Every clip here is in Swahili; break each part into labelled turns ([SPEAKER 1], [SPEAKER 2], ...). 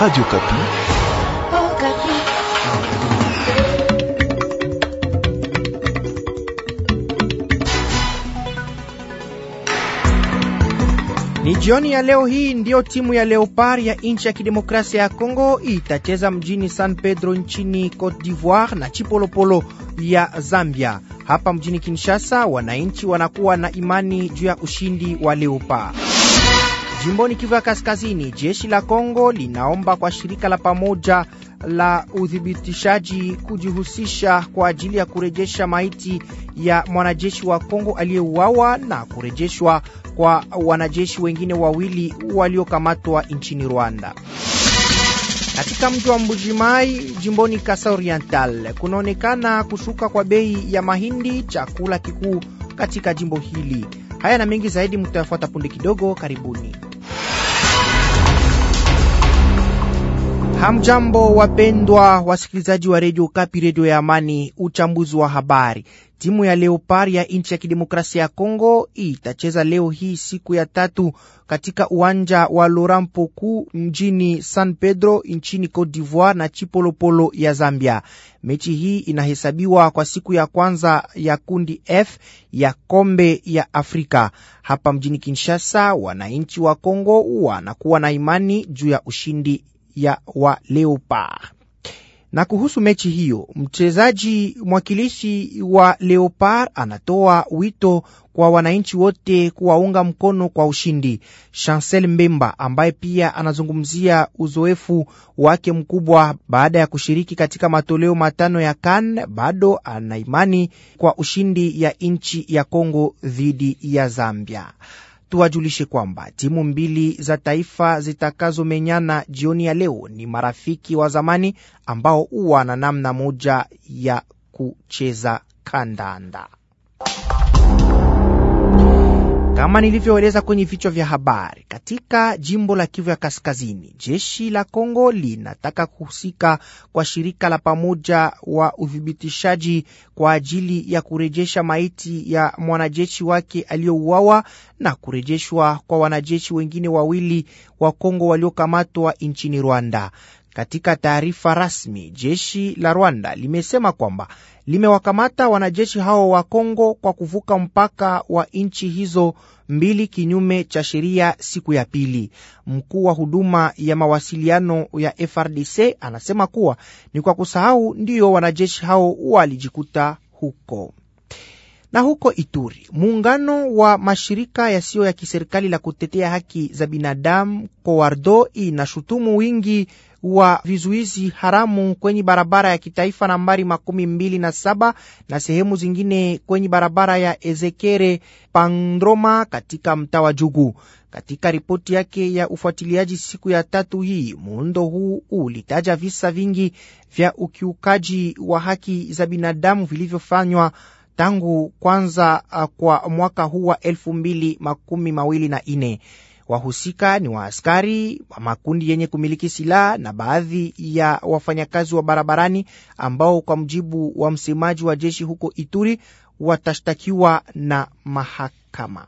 [SPEAKER 1] Radio Kapi. Oh, Kapi.
[SPEAKER 2] Ni jioni ya leo hii ndiyo timu ya Leopard ya nchi ya kidemokrasia ya Kongo itacheza mjini San Pedro nchini Cote d'Ivoire na Chipolopolo ya Zambia. Hapa mjini Kinshasa, wananchi wanakuwa na imani juu ya ushindi wa Leopard. Jimboni Kivu ya Kaskazini, jeshi la Kongo linaomba kwa shirika la pamoja la uthibitishaji kujihusisha kwa ajili ya kurejesha maiti ya mwanajeshi wa Kongo aliyeuawa na kurejeshwa kwa wanajeshi wengine wawili waliokamatwa nchini Rwanda. Katika mji wa Mbujimai jimboni Kasa Oriental kunaonekana kushuka kwa bei ya mahindi, chakula kikuu katika jimbo hili. Haya na mengi zaidi mutayafuata punde kidogo. Karibuni. Hamjambo, wapendwa wasikilizaji wa redio Kapi, redio ya Amani. Uchambuzi wa habari. Timu ya Leopard ya nchi ya kidemokrasia ya Kongo itacheza leo hii siku ya tatu katika uwanja wa Laurent Poku mjini San Pedro nchini Cote d'Ivoire na Chipolopolo ya Zambia. Mechi hii inahesabiwa kwa siku ya kwanza ya kundi F ya kombe ya Afrika. Hapa mjini Kinshasa, wananchi wa Kongo wanakuwa na imani juu ya ushindi ya wa leopard Na kuhusu mechi hiyo, mchezaji mwakilishi wa Leopard anatoa wito kwa wananchi wote kuwaunga mkono kwa ushindi. Chancel Mbemba ambaye pia anazungumzia uzoefu wake mkubwa baada ya kushiriki katika matoleo matano ya kan bado anaimani kwa ushindi ya nchi ya Kongo dhidi ya Zambia tuwajulishe kwamba timu mbili za taifa zitakazomenyana jioni ya leo ni marafiki wa zamani ambao huwa na namna moja ya kucheza kandanda. Kama nilivyoeleza kwenye vichwa vya habari, katika jimbo la Kivu ya Kaskazini, jeshi la Kongo linataka kuhusika kwa shirika la pamoja wa uthibitishaji kwa ajili ya kurejesha maiti ya mwanajeshi wake aliyouawa na kurejeshwa kwa wanajeshi wengine wawili wa Kongo waliokamatwa nchini Rwanda. Katika taarifa rasmi, jeshi la Rwanda limesema kwamba limewakamata wanajeshi hao wa Kongo kwa kuvuka mpaka wa nchi hizo mbili kinyume cha sheria siku ya pili. Mkuu wa huduma ya mawasiliano ya FRDC anasema kuwa ni kwa kusahau ndiyo wanajeshi hao walijikuta huko. Na huko Ituri, muungano wa mashirika yasiyo ya kiserikali la kutetea haki za binadamu Kowardo inashutumu wingi wa vizuizi haramu kwenye barabara ya kitaifa nambari makumi mbili na saba na sehemu zingine kwenye barabara ya Ezekere Pandroma katika mtaa wa Jugu. Katika ripoti yake ya ufuatiliaji siku ya tatu hii, muundo huu ulitaja visa vingi vya ukiukaji wa haki za binadamu vilivyofanywa tangu kwanza uh, kwa mwaka huu wa elfu mbili makumi mawili na ine. Wahusika ni waaskari wa makundi yenye kumiliki silaha na baadhi ya wafanyakazi wa barabarani ambao kwa mjibu wa msemaji wa jeshi huko Ituri watashtakiwa na mahakama.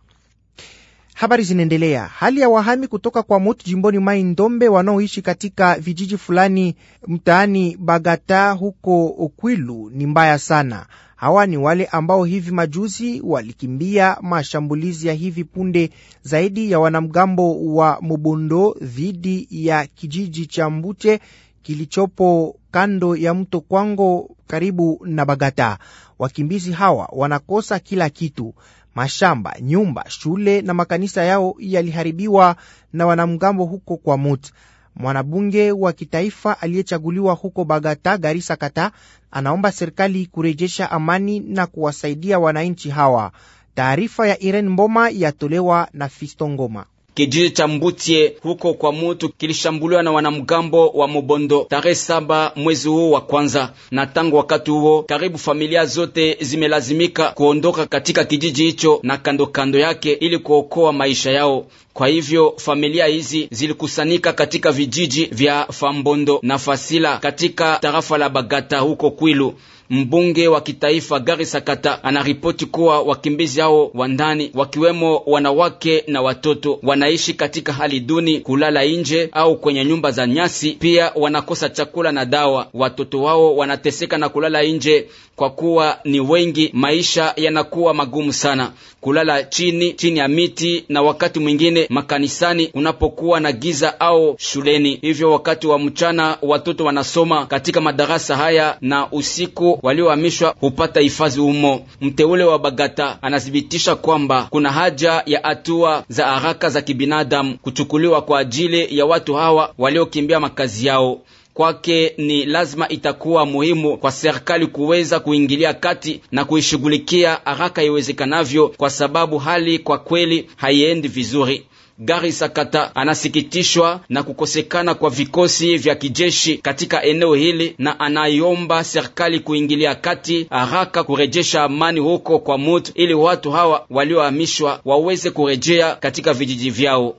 [SPEAKER 2] Habari zinaendelea. Hali ya wahami kutoka kwa Motu jimboni Mai Ndombe wanaoishi katika vijiji fulani mtaani Bagata huko Okwilu ni mbaya sana. Hawa ni wale ambao hivi majuzi walikimbia mashambulizi ya hivi punde zaidi ya wanamgambo wa Mubondo dhidi ya kijiji cha Mbute kilichopo kando ya mto Kwango karibu na Bagata. Wakimbizi hawa wanakosa kila kitu: mashamba, nyumba, shule na makanisa yao yaliharibiwa na wanamgambo huko kwa Mut mwanabunge wa kitaifa aliyechaguliwa huko Bagata, Garisa Kata, anaomba serikali kurejesha amani na kuwasaidia wananchi hawa. Taarifa ya Irene Mboma yatolewa na Fisto Ngoma.
[SPEAKER 3] Kijiji cha Mbutie huko kwa Mutu kilishambuliwa na wanamgambo wa Mobondo tarehe saba mwezi huu wa kwanza, na tangu wakati huo karibu familia zote zimelazimika kuondoka katika kijiji hicho na kando kando yake ili kuokoa maisha yao. Kwa hivyo familia hizi zilikusanyika katika vijiji vya Fambondo na Fasila katika tarafa la Bagata huko Kwilu. Mbunge wa kitaifa Gari Sakata anaripoti kuwa wakimbizi hao wa ndani wakiwemo wanawake na watoto wanaishi katika hali duni, kulala nje au kwenye nyumba za nyasi. Pia wanakosa chakula na dawa. Watoto wao wanateseka na kulala nje kwa kuwa ni wengi, maisha yanakuwa magumu sana. Kulala chini chini ya miti na wakati mwingine makanisani unapokuwa na giza au shuleni. Hivyo wakati wa mchana watoto wanasoma katika madarasa haya na usiku waliohamishwa hupata hifadhi humo. Mteule wa Bagata anathibitisha kwamba kuna haja ya hatua za haraka za kibinadamu kuchukuliwa kwa ajili ya watu hawa waliokimbia makazi yao. Kwake ni lazima itakuwa muhimu kwa serikali kuweza kuingilia kati na kuishughulikia haraka iwezekanavyo, kwa sababu hali kwa kweli haiendi vizuri gari sakata anasikitishwa na kukosekana kwa vikosi vya kijeshi katika eneo hili na anaiomba serikali kuingilia kati haraka kurejesha amani huko kwa mutu ili watu hawa waliohamishwa waweze kurejea katika vijiji vyao.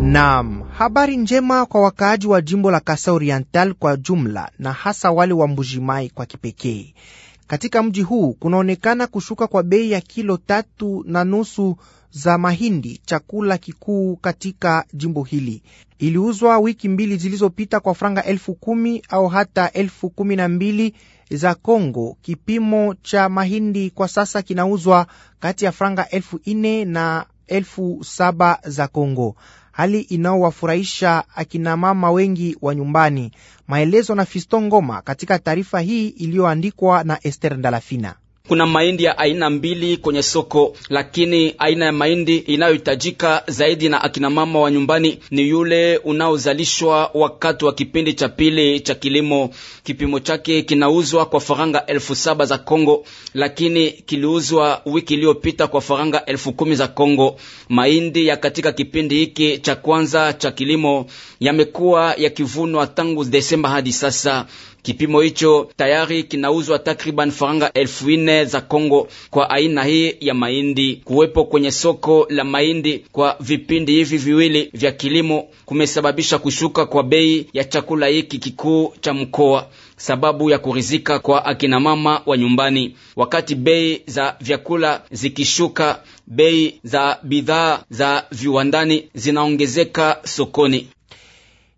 [SPEAKER 2] Naam, habari njema kwa wakaaji wa jimbo la Kasa Oriental kwa jumla na hasa wale wa Mbujimai kwa kipekee. Katika mji huu kunaonekana kushuka kwa bei ya kilo tatu na nusu za mahindi, chakula kikuu katika jimbo hili. Iliuzwa wiki mbili zilizopita kwa franga elfu kumi au hata elfu kumi na mbili za Kongo. Kipimo cha mahindi kwa sasa kinauzwa kati ya franga elfu nne na elfu saba za Kongo, hali inayowafurahisha akinamama wengi wa nyumbani. Maelezo na Fisto Ngoma katika taarifa hii iliyoandikwa na Ester Ndalafina
[SPEAKER 3] kuna mahindi ya aina mbili kwenye soko, lakini aina ya mahindi inayohitajika zaidi na akina mama wa nyumbani ni yule unaozalishwa wakati wa kipindi cha pili cha kilimo. Kipimo chake kinauzwa kwa faranga elfu saba za Kongo, lakini kiliuzwa wiki iliyopita kwa faranga elfu kumi za Kongo. Mahindi ya katika kipindi hiki cha kwanza cha kilimo yamekuwa yakivunwa tangu Desemba hadi sasa. Kipimo hicho tayari kinauzwa takriban faranga elfu za Kongo kwa aina hii ya mahindi. Kuwepo kwenye soko la mahindi kwa vipindi hivi viwili vya kilimo kumesababisha kushuka kwa bei ya chakula hiki kikuu cha mkoa, sababu ya kurizika kwa akinamama wa nyumbani. Wakati bei za vyakula zikishuka, bei za bidhaa za viwandani zinaongezeka sokoni.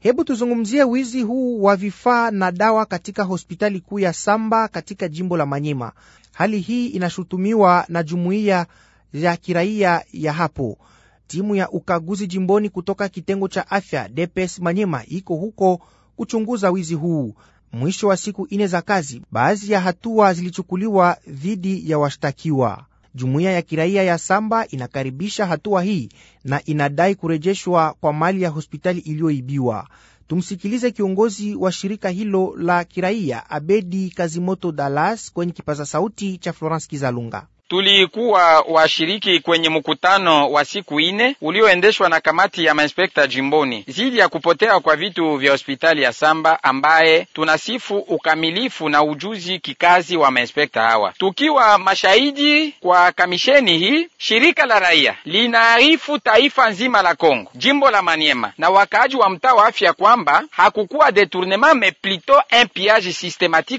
[SPEAKER 2] Hebu tuzungumzie wizi huu wa vifaa na dawa katika hospitali kuu ya Samba katika jimbo la Manyema. Hali hii inashutumiwa na jumuiya ya kiraia ya hapo. Timu ya ukaguzi jimboni kutoka kitengo cha afya DPS Manyema iko huko kuchunguza wizi huu. Mwisho wa siku ine za kazi, baadhi ya hatua zilichukuliwa dhidi ya washtakiwa. Jumuiya ya kiraia ya Samba inakaribisha hatua hii na inadai kurejeshwa kwa mali ya hospitali iliyoibiwa. Tumsikilize kiongozi wa shirika hilo la kiraia Abedi Kazimoto Dalas kwenye kipaza sauti cha Florence Kizalunga
[SPEAKER 4] tulikuwa washiriki kwenye mkutano wa siku ine ulioendeshwa na kamati ya mainspekta jimboni zidi ya kupotea kwa vitu vya hospitali ya Samba, ambaye tunasifu ukamilifu na ujuzi kikazi wa mainspekta hawa. Tukiwa mashahidi kwa kamisheni hii, shirika la raia linaarifu taifa nzima la Kongo, jimbo la Maniema na wakaaji wa mtaa wa afya kwamba hakukuwa detournement mais plutôt un pillage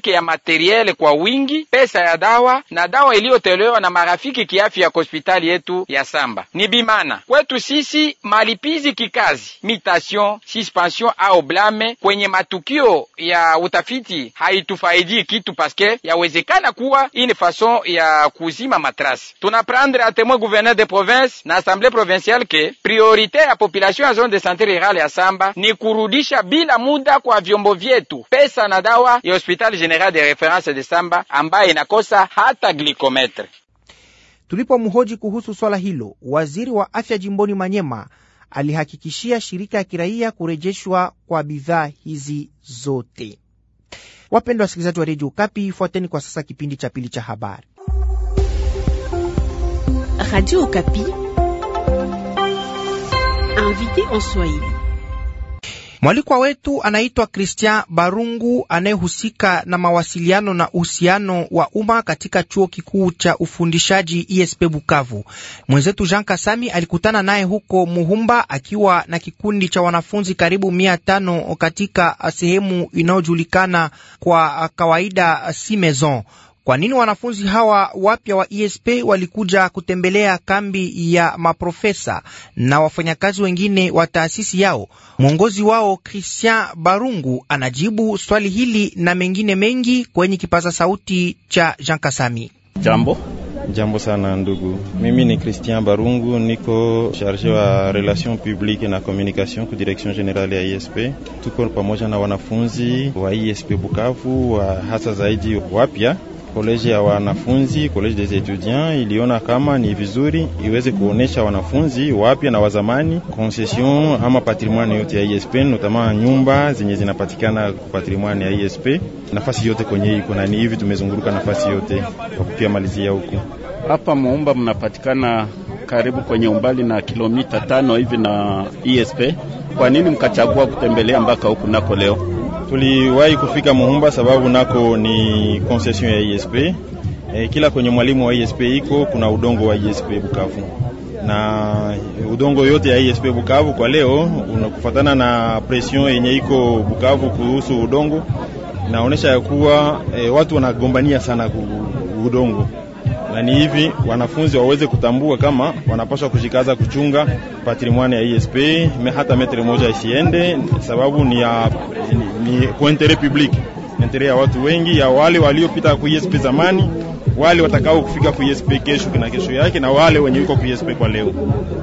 [SPEAKER 4] ya materiel kwa wingi, pesa ya dawa na dawa iliyotolewa na marafiki kiafya kwa hospitali yetu ya Samba. Ni bimana kwetu sisi malipizi kikazi, mitation, suspension au blame kwenye matukio ya utafiti haitufaidi kitu, paske yawezekana kuwa ine fason ya kuzima matrasi. Tunaprendre atemwe gouverneur de province na assemblée provinciale ke priorite ya population ya zone de santé rurale ya Samba ni kurudisha bila muda kwa vyombo vyetu pesa na dawa ya hospitali general de reference de Samba ambaye inakosa hata glikometre.
[SPEAKER 2] Tulipomhoji kuhusu swala hilo, waziri wa afya jimboni Manyema alihakikishia shirika ya kiraia kurejeshwa kwa bidhaa hizi zote. Wapendwa wasikilizaji wa redio Kapi, fuateni kwa sasa kipindi cha pili cha habari. Radio Kapi invité en Swahili Mwalikwa wetu anaitwa Christian Barungu, anayehusika na mawasiliano na uhusiano wa umma katika chuo kikuu cha ufundishaji ISP Bukavu. Mwenzetu Jean Kasami alikutana naye huko Muhumba akiwa na kikundi cha wanafunzi karibu mia tano katika sehemu inayojulikana kwa kawaida si maison kwa nini wanafunzi hawa wapya wa ESP walikuja kutembelea kambi ya maprofesa na wafanyakazi wengine wa taasisi yao? Mwongozi wao Christian Barungu anajibu swali hili na mengine mengi kwenye kipaza sauti cha Jean Kasami.
[SPEAKER 1] Jambo. Jambo sana ndugu, mimi ni Christian Barungu, niko charge wa relation publique na communication ku direction generale ya ISP. E Tuko pamoja na wanafunzi wa ISP e Bukavu wa hasa zaidi wapya koleji ya wanafunzi koleji des etudiants iliona kama ni vizuri iweze kuonesha wanafunzi wapya na wazamani concession ama patrimoine yote ya ISP, notama nyumba zenye zinapatikana patrimoine ya ISP, nafasi yote kwenye iko na ni hivi, tumezunguruka nafasi yote kwa kupia malizia huku hapa Muumba mnapatikana karibu kwenye umbali na kilomita tano hivi na ISP. Kwa nini mkachagua kutembelea mpaka huku nako leo? Tuliwahi kufika Muhumba sababu nako ni concession ya ISP. E, kila kwenye mwalimu wa ISP iko kuna udongo wa ISP Bukavu na udongo yote ya ISP Bukavu kwa leo unakufatana na pression yenye iko Bukavu kuhusu udongo, naonesha ya kuwa e, watu wanagombania sana udongo, na ni hivi wanafunzi waweze kutambua kama wanapaswa kushikaza kuchunga patrimoine ya ISP, hata metri moja isiende, sababu ni ya ni kwa intere public, intere ya watu wengi, ya wale waliopita ku ISP zamani, wale watakao kufika ku ISP kesho na kesho yake, na wale wenye yuko ku ISP kwa leo.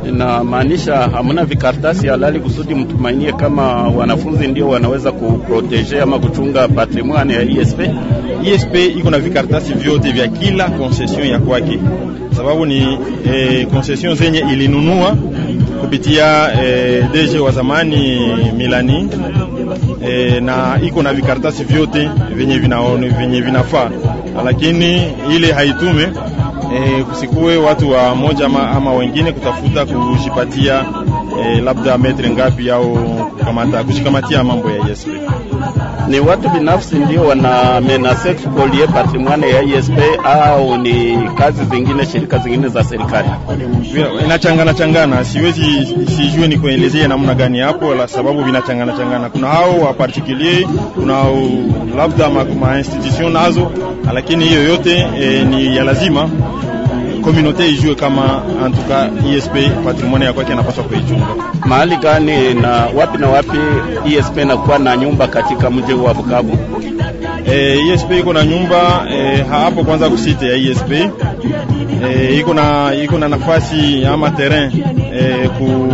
[SPEAKER 1] Inamaanisha hamna vikartasi halali kusudi mtumainie kama wanafunzi ndio wanaweza kuprotege ama kuchunga patrimoine ya ISP. ISP iko na vikartasi vyote vya kila concession ya kwake, sababu ni eh, concession zenye ilinunua kupitia eh, DG wa zamani Milani e, na iko na vikaratasi vyote vyenye vinaone vyenye vinafaa, lakini ile haitume e, kusikue watu wa moja ama, ama wengine kutafuta kujipatia e, labda metre ngapi au kukamata kushikamatia mambo ya yesu ni watu binafsi ndio menase kukolie patrimoine ya ISP au ni kazi zingine, shirika zingine za serikali? Inachangana changana, siwezi sijue ni kuelezea namna gani hapo, la sababu vinachangana changana. Kuna hao wa particulier, kuna labda ma institution nazo, lakini hiyo yote e, ni ya lazima komunote ijue kama antuka ISP patrimoine ya kwake anapaswa kuichunga mahali gani na wapi na wapi ISP inakuwa na nyumba katika mji wa Bukavu? E, eh, ISP iko na nyumba e, hapo kwanza kusite ya ISP e, eh, iko na iko na nafasi ama terrain e, ku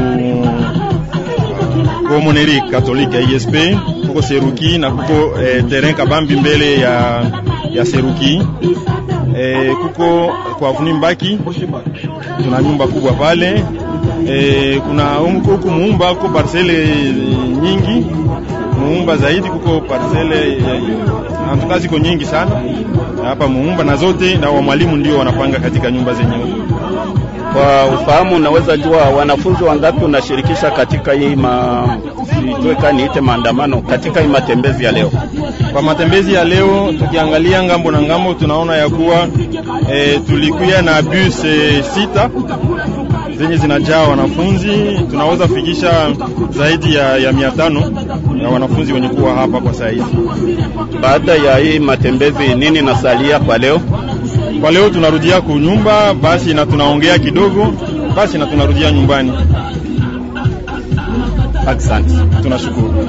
[SPEAKER 1] komoneri katolika ya ISP kuko Seruki na kuko e, terrain kabambi mbele ya ya Seruki e, kuko kwa mbaki tuna nyumba kubwa pale e, kuna huku Muumba kuko parcele nyingi Muumba zaidi kuko parcele antuka ziko nyingi sana hapa Muumba na zote na wa mwalimu ndio wanapanga katika nyumba zenyewe. Kwa ufahamu unaweza jua wanafunzi wangapi unashirikisha katika hii ma sijui niite maandamano katika hii matembezi ya leo? Kwa matembezi ya leo tukiangalia ngambo na ngambo, tunaona ya kuwa e, tulikuya na bus e, sita zenye zinajaa wanafunzi, tunaweza fikisha zaidi ya, ya mia tano ya wanafunzi wenye kuwa hapa kwa saa hizi. Baada ya hii matembezi, nini nasalia kwa leo? Kwa leo tunarudia kunyumba basi, na tunaongea kidogo basi, na tunarudia nyumbani. Asante, tunashukuru.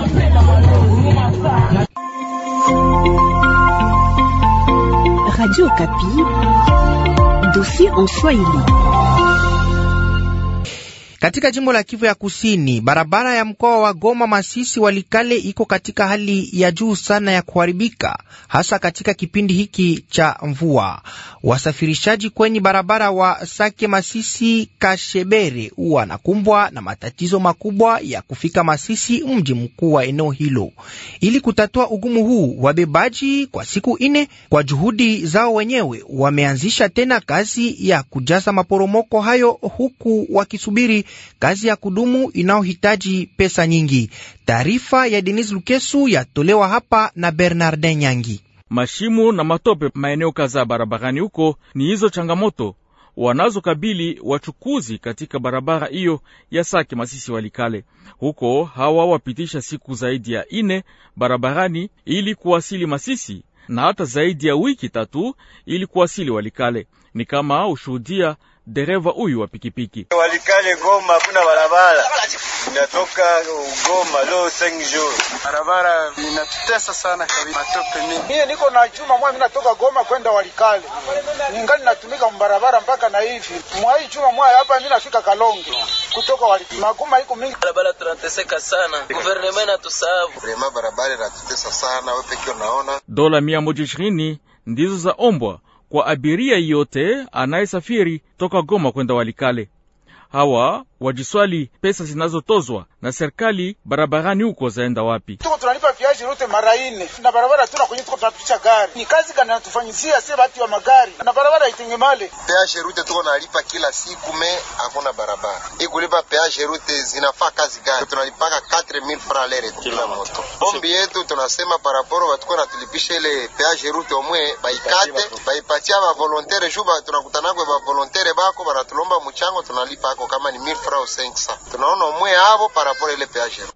[SPEAKER 2] Radio Kapi, dossier en Swahili. Katika jimbo la Kivu ya Kusini, barabara ya mkoa wa Goma Masisi Walikale iko katika hali ya juu sana ya kuharibika, hasa katika kipindi hiki cha mvua. Wasafirishaji kwenye barabara wa Sake Masisi Kashebere huwa nakumbwa na matatizo makubwa ya kufika Masisi, mji mkuu wa eneo hilo. Ili kutatua ugumu huu, wabebaji kwa siku ine, kwa juhudi zao wenyewe, wameanzisha tena kazi ya kujaza maporomoko hayo, huku wakisubiri kazi ya kudumu inayohitaji pesa nyingi. Taarifa ya Denis Lukesu yatolewa hapa na Bernardin Nyangi.
[SPEAKER 5] Mashimo na matope maeneo kadhaa barabarani huko ni hizo changamoto wanazokabili wachukuzi katika barabara hiyo ya Sake Masisi Walikale. Huko hawa wapitisha siku zaidi ya ine barabarani ili kuwasili Masisi na hata zaidi ya wiki tatu ili kuwasili Walikale ni kama ushuhudia dereva huyu wa pikipiki.
[SPEAKER 2] Walikale Goma kuna barabara, inatoka
[SPEAKER 1] Goma lo leo senjo, barabara inatutesa sana kabisa, matope mingi. Mimi niko na chuma mwa, mimi natoka Goma kwenda Walikale, ningali natumika mbarabara mpaka na hivi mwa hii chuma mwa hapa, mimi nafika Kalonge kutoka Walikale, maguma iko mingi, barabara tunateseka sana, guvernema inatusahau rema, barabara inatutesa sana. Wewe pekee unaona,
[SPEAKER 5] dola mia moja ishirini ndizo za ombwa kwa abiria yote anayesafiri toka Goma kwenda Walikale. Hawa wajiswali pesa zinazotozwa na serikali barabarani huko zaenda wapi?
[SPEAKER 1] Tuko tunalipa viazi rote mara ine na barabara tuna kwenye tuko tunapitisha gari, ni kazi gani natufanyizia sie batu wa magari na barabara itenge male Peage route tuko nalipa kila siku me hakuna barabara ikulipa peage route, zinafaa kazi gani? Tunalipaka 4000 fra lere kila moto. bombi yetu tunasema paraporo batuko natulipisha ile peage route, omwe baikate baipatia ba volontaire juba, tunakutanakwe ba volontaire bako baratulomba mchango, tunalipa ako kama ni mil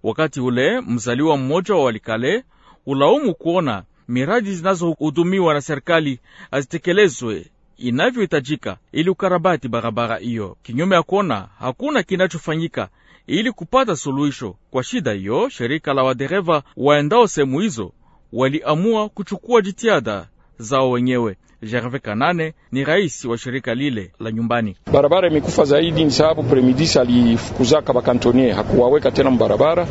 [SPEAKER 5] Wakati ule mzaliwa mmoja wa Walikale ulaumu kuona miradi zinazohudumiwa na serikali hazitekelezwe inavyohitajika ili ukarabati barabara hiyo. Kinyume ya kuona hakuna kinachofanyika ili kupata suluhisho kwa shida hiyo, shirika la wadereva waendao sehemu hizo waliamua kuchukua jitihada zao wenyewe. Gerve Kanane ni rais wa shirika lile la nyumbani.
[SPEAKER 1] Barabara imekufa zaidi ni sababu Premidis alifukuzaka bakantonie, hakuwaweka tena mbarabara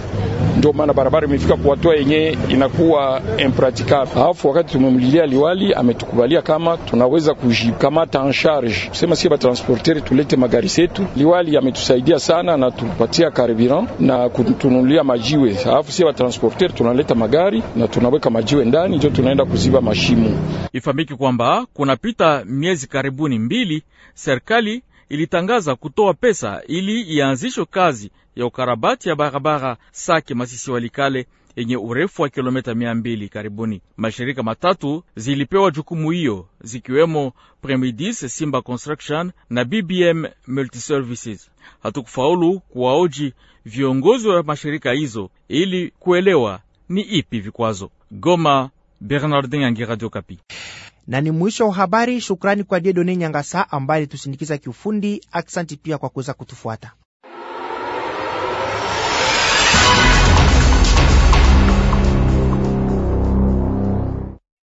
[SPEAKER 1] ndio maana barabara imefika kuwatoa yenye inakuwa impraticable. Alafu wakati tumemlilia liwali, ametukubalia kama tunaweza kujikamata en charge, kusema si batransporteri tulete magari zetu. Liwali ametusaidia sana na tupatia carburant na kutununulia majiwe, alafu si batransporteri tunaleta magari na tunaweka majiwe ndani, ndio tunaenda kuziba
[SPEAKER 5] mashimo. Ifahamike kwamba kunapita miezi karibuni mbili, serikali ilitangaza kutoa pesa ili ianzisho kazi ya ukarabati ya barabara Sake Masisi Walikale yenye urefu wa kilomita mia mbili karibuni. Mashirika matatu zilipewa jukumu hiyo zikiwemo Premidis, Simba Construction na BBM Multiservices. Hatukufaulu kuwaoji viongozi wa mashirika hizo ili kuelewa ni ipi vikwazo. Goma, Bernardin Yangi,
[SPEAKER 2] Radio Kapi na ni mwisho wa habari. Shukrani kwa Diedone Nyangasa ambaye alitusindikiza kiufundi. Aksanti pia kwa kuweza kutufuata.